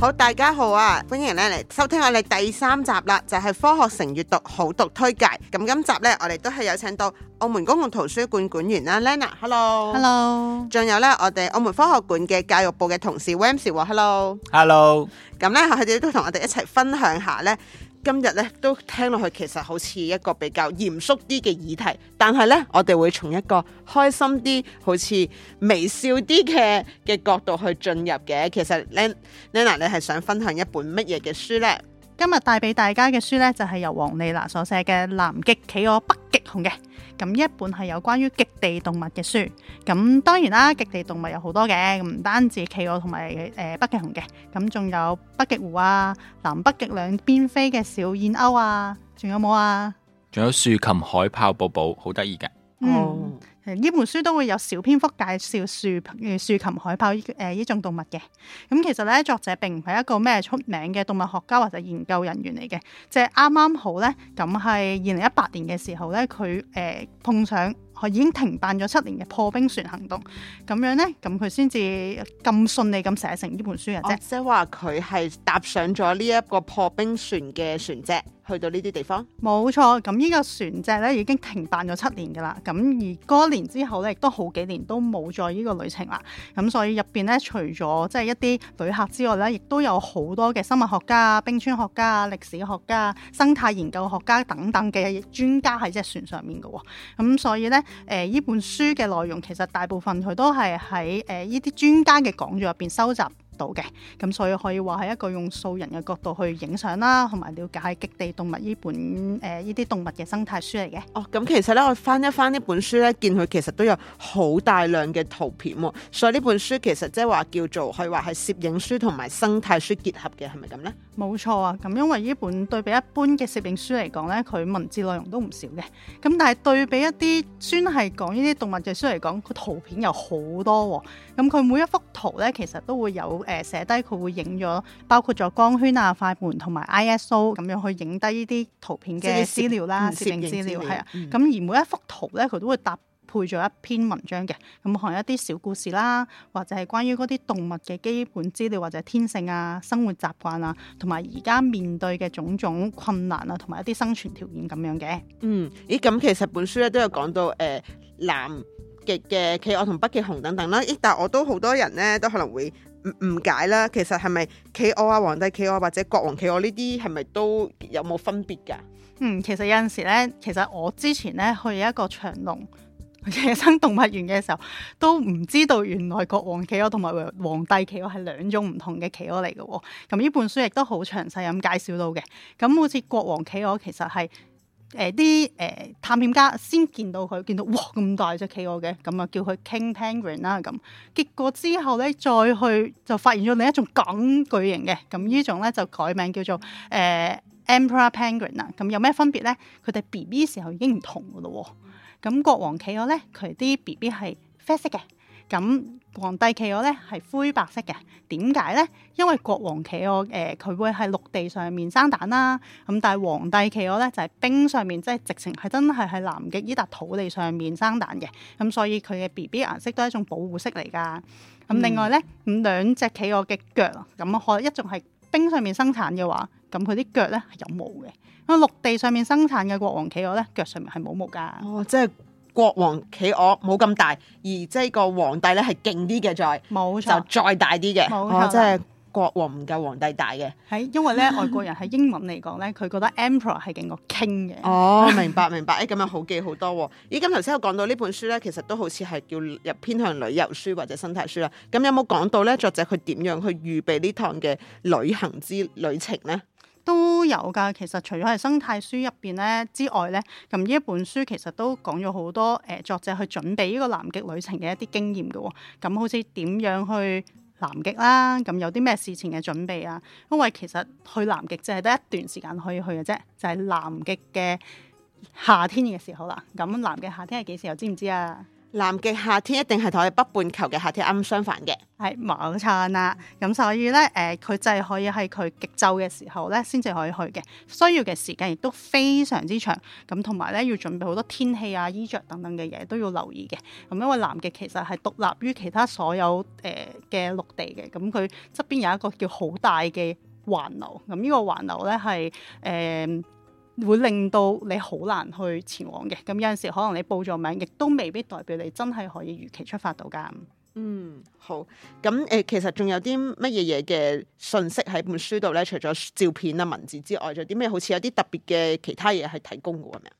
好，大家好啊！歡迎咧嚟收聽我哋第三集啦，就係科學城閱讀好讀推介。咁今集呢，我哋都係有請到澳門公共圖書館館員啦，Lena，Hello，Hello。仲有呢，我哋澳門科學館嘅教育部嘅同事 Wamsie，Hello，Hello。咁呢，佢哋都同我哋一齊分享下呢。今日咧都聽落去，其實好似一個比較嚴肅啲嘅議題，但係咧我哋會從一個開心啲、好似微笑啲嘅嘅角度去進入嘅。其實 Le na 你係想分享一本乜嘢嘅書呢？今日帶俾大家嘅書呢，就係由黃麗娜所寫嘅《南極企鵝北極熊》嘅，咁一本係有關於極地動物嘅書。咁當然啦，極地動物有好多嘅，唔單止企鵝同埋誒北極熊嘅，咁仲有北極湖啊，南北極兩邊飛嘅小燕鷗啊，仲有冇啊？仲有豎琴海豹寶寶，好得意嘅。嗯。Oh. 呢本書都會有小篇幅介紹豎豎琴海豹誒呢、呃、種動物嘅，咁其實咧作者並唔係一個咩出名嘅動物學家或者研究人員嚟嘅，即係啱啱好咧，咁係二零一八年嘅時候咧，佢誒、呃、碰上已經停辦咗七年嘅破冰船行動，咁樣咧，咁佢先至咁順利咁寫成呢本書嘅啫，即係話佢係搭上咗呢一個破冰船嘅船隻。去到呢啲地方，冇錯。咁呢個船隻咧已經停辦咗七年㗎啦。咁而嗰年之後咧，亦都好幾年都冇再呢個旅程啦。咁所以入邊咧，除咗即係一啲旅客之外咧，亦都有好多嘅生物學家啊、冰川學家啊、歷史學家、生態研究學家等等嘅專家喺隻船上面嘅。咁所以咧，誒、呃、呢本書嘅內容其實大部分佢都係喺誒呢啲專家嘅講座入邊收集到嘅，咁所以可以話係一個用素人嘅角度去影相啦，同埋了解極地動物呢本誒、呢啲動物嘅生態書嚟嘅。哦，咁其實呢，我翻一翻呢本書呢，見佢其實都有好大量嘅圖片，哦，所以呢本書其實即係話叫做可以話係攝影書同埋生態書結合嘅，係咪咁呢？冇錯啊，咁因為呢本對比一般嘅攝影書嚟講呢，佢文字內容都唔少嘅，咁但係對比一啲專係講呢啲動物嘅書嚟講，個圖片有好多，哦，咁佢每一幅圖呢，其實都會有。誒、呃、寫低佢會影咗，包括咗光圈啊、快門同埋 ISO 咁樣去影低呢啲圖片嘅資料啦、設，設定資料係啊。咁、嗯、而每一幅圖咧，佢都會搭配咗一篇文章嘅咁，可能一啲小故事啦，或者係關於嗰啲動物嘅基本資料或者天性啊、生活習慣啊，同埋而家面對嘅種種困難啊，同埋一啲生存條件咁樣嘅。嗯，咦？咁其實本書咧都有講到誒南極嘅企鵝同北極熊等等啦。咦？但係我都好多人咧都可能會。唔解啦，其實係咪企鵝啊、皇帝企鵝或者國王企鵝呢啲係咪都有冇分別㗎？嗯，其實有陣時呢，其實我之前呢去一個長隆野生動物園嘅時候，都唔知道原來國王企鵝同埋皇帝企鵝係兩種唔同嘅企鵝嚟嘅。咁呢本書亦都好詳細咁介紹到嘅。咁好似國王企鵝其實係。誒啲誒探險家先見到佢，見到哇咁大隻企鵝嘅，咁啊叫佢 King Penguin 啦咁。結果之後咧，再去就發現咗另一種更巨型嘅，咁呢種咧就改名叫做誒、呃、Emperor Penguin 啦。咁有咩分別咧？佢哋 B B 時候已經唔同噶咯喎。咁國王企鵝咧，佢啲 B B 係啡色嘅，咁。皇帝企鵝咧係灰白色嘅，點解咧？因為國王企鵝誒佢、呃、會喺陸地上面生蛋啦，咁但係皇帝企鵝咧就係冰上面，即係直情係真係喺南極依笪土地上面生蛋嘅，咁所以佢嘅 B B 顏色都係一種保護色嚟㗎。咁、嗯、另外咧，兩隻企鵝嘅腳啊，咁可一種係冰上面生產嘅話，咁佢啲腳咧係有毛嘅。咁陸地上面生產嘅國王企鵝咧，腳上面係冇毛㗎。哦，即係。國王企鵝冇咁大，而即係個皇帝咧係勁啲嘅，再冇錯錯就再大啲嘅，哦錯，即係國王唔夠皇帝大嘅，係因為咧外國人喺英文嚟講咧，佢 覺得 Emperor 係勁過 King 嘅。 哦，明白明白，誒、哎，咁樣好記好多，啊。咦，咁頭先我講到呢本書咧，其實都好似係叫入偏向旅遊書或者生態書啦。咁有冇講到咧，作者佢點樣去預備呢趟嘅旅行之旅程咧？都有噶，其實除咗係生態書入邊咧之外咧，咁呢一本書其實都講咗好多誒、呃、作者去準備呢個南極旅程嘅一啲經驗嘅喎。咁好似點樣去南極啦、啊？咁有啲咩事情嘅準備啊？因為其實去南極淨係得一段時間可以去嘅啫，就係、是、南極嘅夏天嘅時候啦。咁南極夏天係幾時？又知唔知啊？南極夏天一定係同我哋北半球嘅夏天啱相反嘅，係冇錯啦。咁所以呢，誒、呃，佢就係可以喺佢極晝嘅時候呢先至可以去嘅。需要嘅時間亦都非常之長，咁同埋呢，要準備好多天氣啊、衣着等等嘅嘢都要留意嘅。咁因為南極其實係獨立於其他所有誒嘅陸地嘅，咁佢側邊有一個叫好大嘅環流，咁呢個環流呢，係誒。呃會令到你好難去前往嘅。咁有陣時，可能你報咗名，亦都未必代表你真係可以如期出發到㗎。嗯，好。咁誒、呃，其實仲有啲乜嘢嘢嘅信息喺本書度咧？除咗照片啊、文字之外，仲有啲咩？好似有啲特別嘅其他嘢係提供嘅咩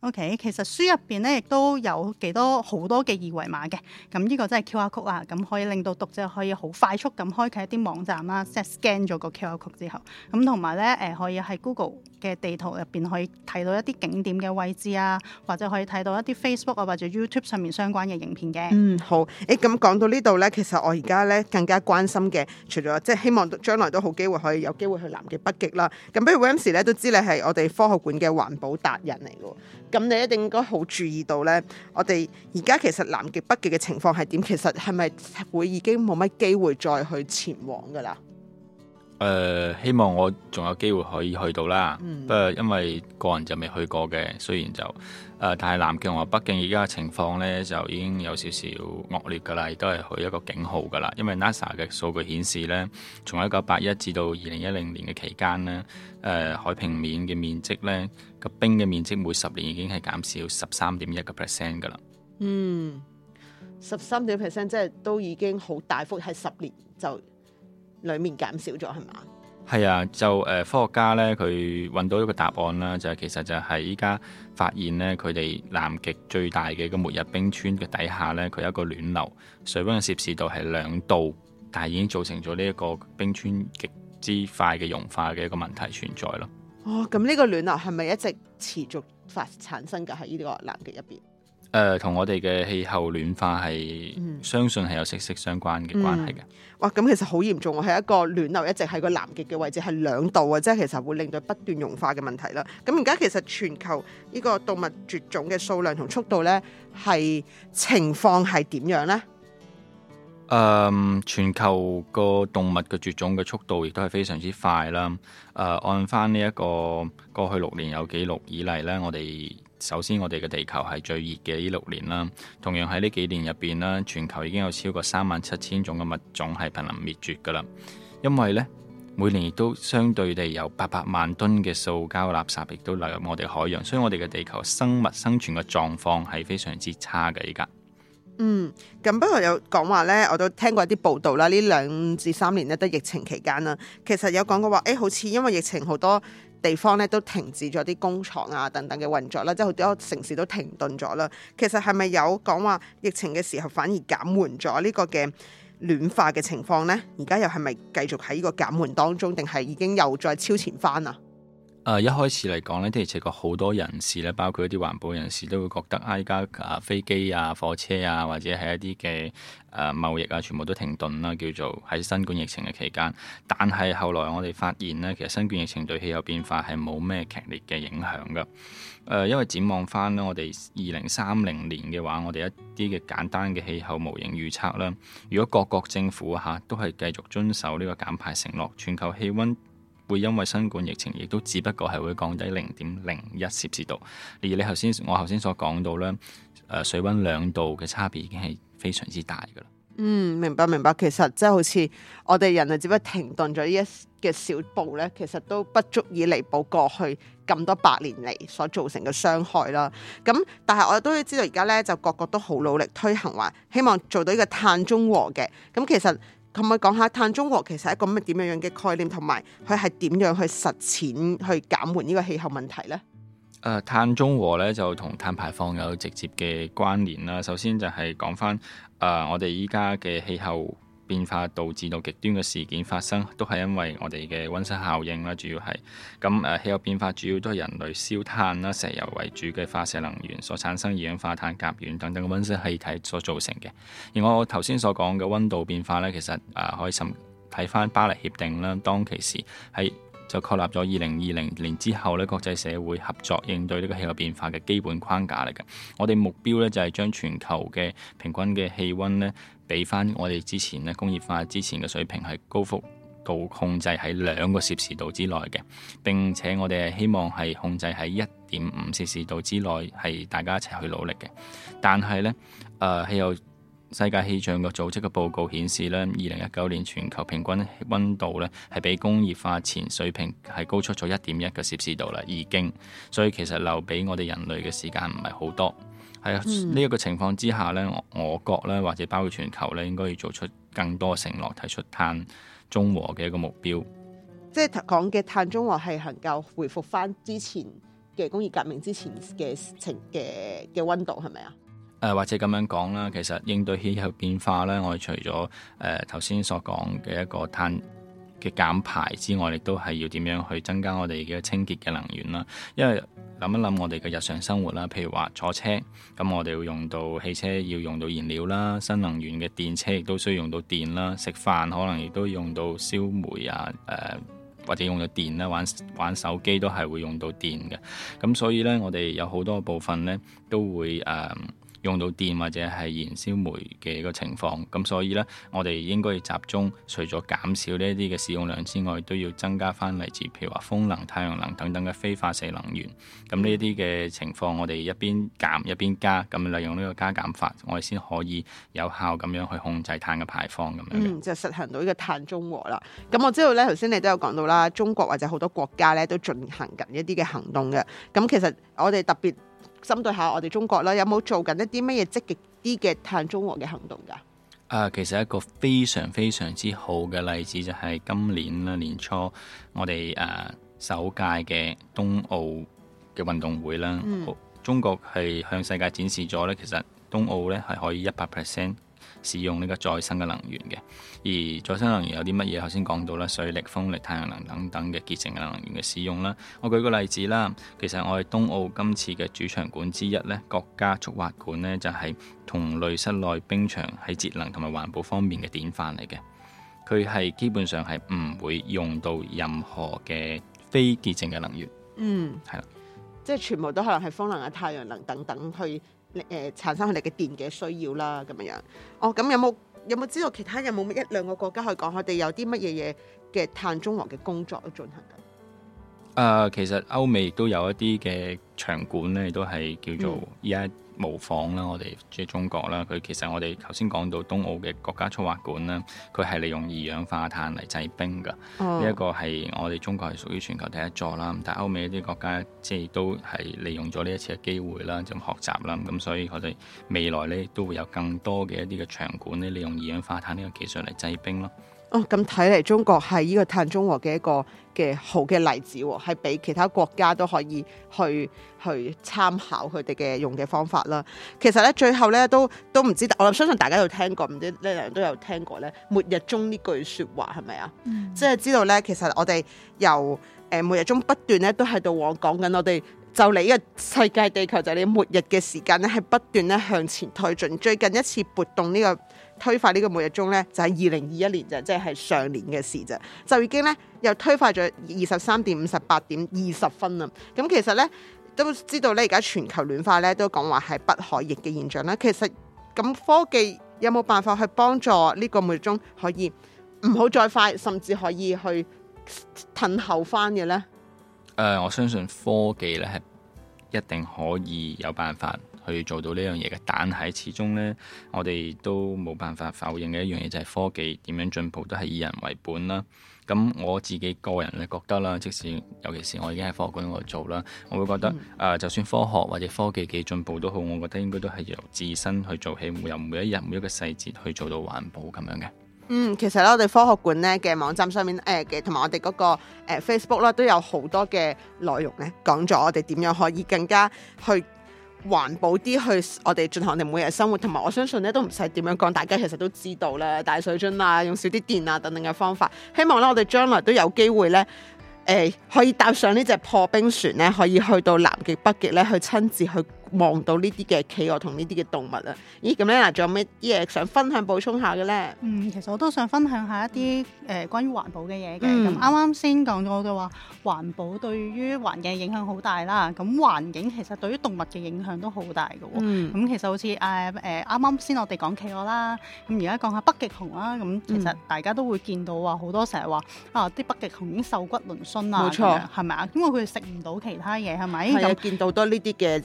？OK，其實書入邊咧亦都有幾多好多嘅二維碼嘅。咁呢個真係 QR code 啦。咁可以令到讀者可以好快速咁開啟一啲網站啦。即係 scan 咗個 QR code 之後，咁同埋咧誒，可以喺 Google 嘅地圖入邊可以睇到一啲景點嘅位置啊，或者可以睇到一啲 Facebook 啊或者 YouTube 上面相關嘅影片嘅。嗯，好。誒、欸，咁講到呢度呢，其實我而家呢更加關心嘅，除咗即係希望將來都好機會可以有機會去南極、北極啦。咁，不如 Wamsi 咧都知你係我哋科學館嘅環保達人嚟噶，咁你一定應該好注意到呢，我哋而家其實南極、北極嘅情況係點？其實係咪會已經冇乜機會再去前往噶啦？誒、呃、希望我仲有機會可以去到啦，不過、嗯、因為個人就未去過嘅，雖然就誒、呃，但係南極同埋北極而家嘅情況咧就已經有少少惡劣噶啦，亦都係去一個警號噶啦。因為 NASA 嘅數據顯示咧，從一九八一至到二零一零年嘅期間咧，誒、呃、海平面嘅面積咧個冰嘅面積每十年已經係減少十三點一個 percent 噶啦。嗯，十三點 percent 即係都已經好大幅，係十年就。裏面減少咗係嘛？係啊，就誒、呃，科學家咧佢揾到一個答案啦，就係、是、其實就喺依家發現咧，佢哋南極最大嘅一個末日冰川嘅底下咧，佢有一個暖流，水溫嘅攝氏度係兩度，但係已經造成咗呢一個冰川極之快嘅融化嘅一個問題存在咯。哦，咁呢個暖流係咪一直持續發產生嘅喺呢個南極入邊？誒，同我哋嘅氣候暖化，係相信係有息息相關嘅關係嘅。哇，咁其實好嚴重啊！係一個暖流一直喺個南極嘅位置係兩度啊，即係其實會令到不斷融化嘅問題啦。咁而家其實全球呢個動物絕種嘅數量同速度呢，係情況係點樣呢？誒，全球個動物嘅絕種嘅速度亦都係非常之快啦。誒，按返呢一個過去六年有記錄以嚟呢，我哋，首先，我哋嘅地球係最熱嘅呢六年啦。同樣喺呢幾年入邊啦，全球已經有超過三萬七千種嘅物種係瀕臨滅絕噶啦。因為呢，每年亦都相對地有八百萬噸嘅塑膠垃圾亦都流入我哋海洋，所以我哋嘅地球生物生存嘅狀況係非常之差嘅。而家，嗯，咁不過有講話呢，我都聽過一啲報道啦。呢兩至三年呢，都疫情期間啦，其實有講過話，誒、哎，好似因為疫情好多，地方咧都停止咗啲工廠啊等等嘅運作啦，即係好多城市都停頓咗啦。其實係咪有講話疫情嘅時候反而減緩咗呢個嘅暖化嘅情況咧？而家又係咪繼續喺呢個減緩當中，定係已經又再超前翻啊，超前返呀？誒、uh, 一開始嚟講呢的而且確好多人士咧，包括一啲環保人士都會覺得啊，依家啊飛機啊、火車啊，或者係一啲嘅誒貿易啊，全部都停頓啦，叫做喺新冠疫情嘅期間。但係後來我哋發現呢其實新冠疫情對氣候變化係冇咩強烈嘅影響嘅。誒、啊，因為展望翻呢我哋二零三零年嘅話，我哋一啲嘅簡單嘅氣候模型預測啦，如果各國政府嚇、啊、都係繼續遵守呢個減排承諾，全球氣温，會因為新冠疫情，亦都只不過係會降低零點零一攝氏度，而你頭先我頭先所講到咧，誒、呃、水溫兩度嘅差別已經係非常之大㗎啦。嗯，明白明白。其實即係好似我哋人類只不過停頓咗呢一嘅小步咧，其實都不足以彌補過去咁多百年嚟所造成嘅傷害啦。咁但係我哋都知道而家咧就個個都好努力推行話，希望做到一個碳中和嘅。咁其實。同埋可唔可以講下碳中和其實一個乜嘅點樣嘅概念，同埋佢係點樣去實踐去減緩呢個氣候問題咧？誒、呃，碳中和咧就同碳排放有直接嘅關聯啦。首先就係講翻誒，我哋依家嘅氣候。變化導致到極端嘅事件發生，都係因為我哋嘅溫室效應啦，主要係咁，誒氣候變化，主要都係人類燒炭、啦、石油為主嘅化石能源所產生二氧化碳甲烷等等嘅溫室氣體所造成嘅。而我頭先所講嘅溫度變化呢，其實誒、啊、可以甚睇翻巴黎協定啦，當其時喺就確立咗二零二零年之後呢，國際社會合作應對呢個氣候變化嘅基本框架嚟嘅。我哋目標呢，就係、是、將全球嘅平均嘅氣溫咧，俾翻我哋之前呢，工業化之前嘅水平係高幅度控制喺兩個攝氏度之內嘅，並且我哋係希望係控制喺一點五攝氏度之內，係大家一齊去努力嘅。但係呢，誒、呃、係有世界氣象嘅組織嘅報告顯示呢，二零一九年全球平均温度呢，係比工業化前水平係高出咗一點一個攝氏度啦，已經。所以其實留俾我哋人類嘅時間唔係好多。喺呢一個情況之下咧，我國咧或者包括全球咧，應該要做出更多承諾，提出碳中和嘅一個目標。即係講嘅碳中和係能夠回復翻之前嘅工業革命之前嘅情嘅嘅溫度係咪啊？誒、呃、或者咁樣講啦，其實應對氣候變化咧，我哋除咗誒頭先所講嘅一個碳嘅減排之外，亦都係要點樣去增加我哋嘅清潔嘅能源啦，因為，諗一諗我哋嘅日常生活啦，譬如話坐車，咁我哋會用到汽車，要用到燃料啦，新能源嘅電車亦都需要用到電啦。食飯可能亦都用到燒煤啊，誒、呃、或者用到電啦，玩玩手機都係會用到電嘅。咁所以呢，我哋有好多部分呢都會誒。呃用到電或者係燃燒煤嘅個情況，咁所以呢，我哋應該要集中除咗減少呢啲嘅使用量之外，都要增加翻嚟自譬如話風能、太陽能等等嘅非化石能源。咁呢啲嘅情況，我哋一邊減一邊加，咁利用呢個加減法，我哋先可以有效咁樣去控制碳嘅排放咁樣。嗯，即係實行到呢個碳中和啦。咁我知道呢，頭先你都有講到啦，中國或者好多國家呢都進行緊一啲嘅行動嘅。咁其實我哋特別，針對下我哋中國啦，有冇做緊一啲乜嘢積極啲嘅碳中和嘅行動㗎？啊，其實一個非常非常之好嘅例子就係今年啦，年初我，我哋誒首屆嘅冬奧嘅運動會啦，嗯、中國係向世界展示咗咧，其實冬奧咧係可以一百 percent，使用呢個再生嘅能源嘅，而再生能源有啲乜嘢？頭先講到啦，水力、風力、太陽能等等嘅潔淨嘅能源嘅使用啦。我舉個例子啦，其實我哋冬奧今次嘅主場館之一呢，國家速滑館呢，就係、是、同類室內冰場喺節能同埋環保方面嘅典範嚟嘅。佢係基本上係唔會用到任何嘅非潔淨嘅能源。嗯，係啦的，即係全部都可能係風能啊、太陽能等等去。誒、呃、產生佢哋嘅電嘅需要啦，咁樣樣。哦，咁有冇有冇知道其他有冇一兩個國家可以講，佢哋有啲乜嘢嘢嘅碳中和嘅工作都進行緊？啊、呃，其實歐美亦都有一啲嘅場館咧，都係叫做而模仿啦，我哋即係中國啦。佢其實我哋頭先講到冬奧嘅國家速滑館啦，佢係利用二氧化碳嚟製冰㗎。呢一、oh. 個係我哋中國係屬於全球第一座啦。但係歐美一啲國家即係都係利用咗呢一次嘅機會啦，就學習啦。咁、mm hmm. 所以我哋未來咧都會有更多嘅一啲嘅場館咧利用二氧化碳呢個技術嚟製冰咯。哦，咁睇嚟中國係呢個碳中和嘅一個嘅好嘅例子，係俾其他國家都可以去去參考佢哋嘅用嘅方法啦。其實咧，最後咧都都唔知，我相信大家都聽過，唔知兩兩都有聽過咧。末日中呢句説話係咪啊？是是嗯、即係知道咧，其實我哋由誒、呃、末日中不斷咧都喺度往講緊，我哋就嚟呢個世界地球就嚟、是、末日嘅時間咧，係不斷咧向前推進。最近一次活動呢、這個。推快呢個末日鐘呢，就係二零二一年就即、是、係上年嘅事啫，就已經呢，又推快咗二十三點五十八點二十分啦。咁、嗯、其實呢，都知道呢，而家全球暖化呢，都講話係不可逆嘅現象啦。其實咁科技有冇辦法去幫助呢個末日鐘可以唔好再快，甚至可以去褪後翻嘅呢？誒、呃，我相信科技呢，係一定可以有辦法。去做到呢樣嘢嘅，但係始終呢，我哋都冇辦法否認嘅一樣嘢就係科技點樣進步都係以人為本啦。咁我自己個人咧覺得啦，即使尤其是我已經喺科學館度做啦，我會覺得誒、嗯呃，就算科學或者科技嘅進步都好，我覺得應該都係由自身去做起，每由每一日每一個細節去做到環保咁樣嘅。嗯，其實呢，我哋科學館呢嘅網站上面誒嘅，同、呃、埋我哋嗰、那個誒、呃、Facebook 啦，都有好多嘅內容咧，講咗我哋點樣可以更加去環保啲去，我哋進行我哋每日生活，同埋我相信咧都唔使點樣講，大家其實都知道啦，大水樽啊，用少啲電啊等等嘅方法，希望咧我哋將來都有機會咧，誒、哎、可以搭上呢隻破冰船咧，可以去到南極、北極咧去親自去，望到呢啲嘅企鵝同呢啲嘅動物啊！咦，咁咧嗱，仲有咩嘢想分享補充下嘅咧？嗯，其實我都想分享下一啲誒關於環保嘅嘢嘅。咁啱啱先講咗嘅話環保對於環境影響好大啦。咁環境其實對於動物嘅影響都好大嘅喎。咁、嗯、其實好似誒誒啱啱先我哋講企鵝啦，咁而家講下北極熊啦。咁其實大家都會見到話好多成日話啊啲北極熊已經瘦骨嶙峋啦，冇錯，係咪啊？因為佢食唔到其他嘢係咪？係見到多呢啲嘅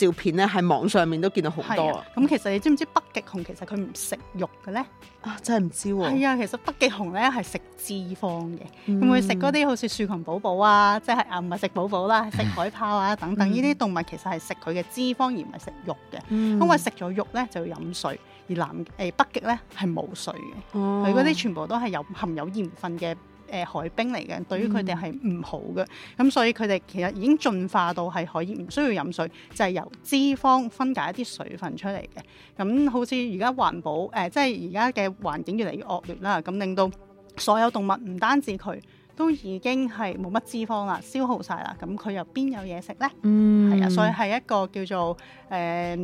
照片咧喺網上面都見到好多。咁、啊、其實你知唔知北極熊其實佢唔食肉嘅咧？啊，真係唔知喎、啊。係啊，其實北極熊咧係食脂肪嘅，唔、嗯、會食嗰啲好似樹熊寶寶啊，即、就、係、是、啊唔係食寶寶啦、啊，食海豹啊等等，呢啲、嗯、動物其實係食佢嘅脂肪而唔係食肉嘅。嗯、因為食咗肉咧就要飲水，而南誒北極咧係冇水嘅，佢嗰啲全部都係有含有鹽分嘅。誒海冰嚟嘅，對於佢哋係唔好嘅，咁、嗯、所以佢哋其實已經進化到係可以唔需要飲水，就係、是、由脂肪分解一啲水分出嚟嘅。咁好似而家環保誒、呃，即係而家嘅環境越嚟越惡劣啦，咁令到所有動物唔單止佢都已經係冇乜脂肪啦，消耗晒啦，咁佢又邊有嘢食呢？嗯，係啊，所以係一個叫做誒誒、呃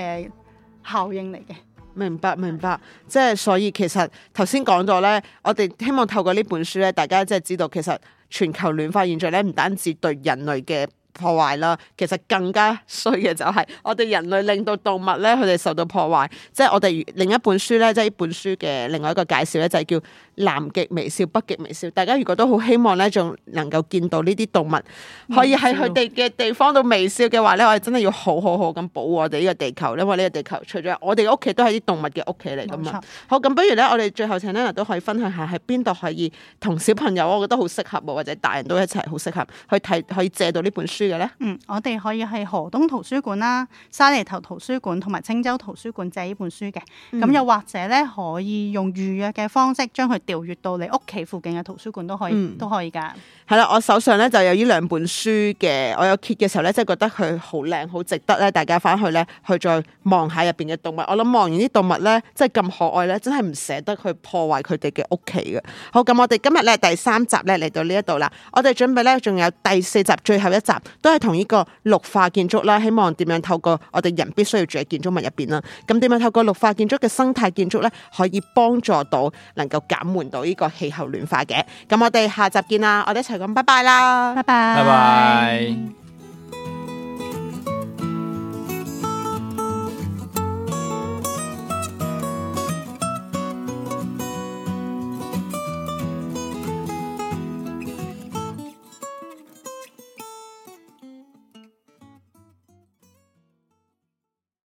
呃、效應嚟嘅。明白明白，即係所以其實頭先講咗呢，我哋希望透過呢本書呢，大家即係知道其實全球暖化現象呢，唔單止對人類嘅破壞啦，其實更加衰嘅就係我哋人類令到動物咧，佢哋受到破壞。即係我哋另一本書咧，即係呢本書嘅另外一個介紹咧，就係叫南極微笑、北極微笑。大家如果都好希望咧，仲能夠見到呢啲動物可以喺佢哋嘅地方度微笑嘅話咧，我哋真係要好好好咁保護我哋呢個地球，因為呢個地球除咗我哋屋企都係啲動物嘅屋企嚟噶嘛。冇錯。好，咁，不如咧，我哋最後請 Lena 都可以分享下，喺邊度可以同小朋友，我覺得好適合，或者大人都一齊好適合去睇，可以借到呢本書。嗯，我哋可以喺何東圖書館啦、沙梨頭圖書館同埋青州圖書館借呢本書嘅。咁、嗯、又或者咧，可以用預約嘅方式將佢調閱到你屋企附近嘅圖書館都可以，都、嗯、可以噶。係啦、嗯，我手上咧就有呢兩本書嘅。我有揭嘅時候咧，即、就、係、是、覺得佢好靚，好值得咧，大家翻去咧去再望下入邊嘅動物。我諗望完啲動物咧，即係咁可愛咧，真係唔捨得去破壞佢哋嘅屋企嘅。好，咁我哋今日咧第三集咧嚟到呢一度啦，我哋準備咧仲有第四集最後一集。都係同呢個綠化建築啦，希望點樣透過我哋人必須要住喺建築物入邊啦。咁點樣透過綠化建築嘅生態建築咧，可以幫助到能夠減緩到呢個氣候暖化嘅。咁我哋下集見啦，我哋一齊講，拜拜啦，拜拜 bye，拜拜。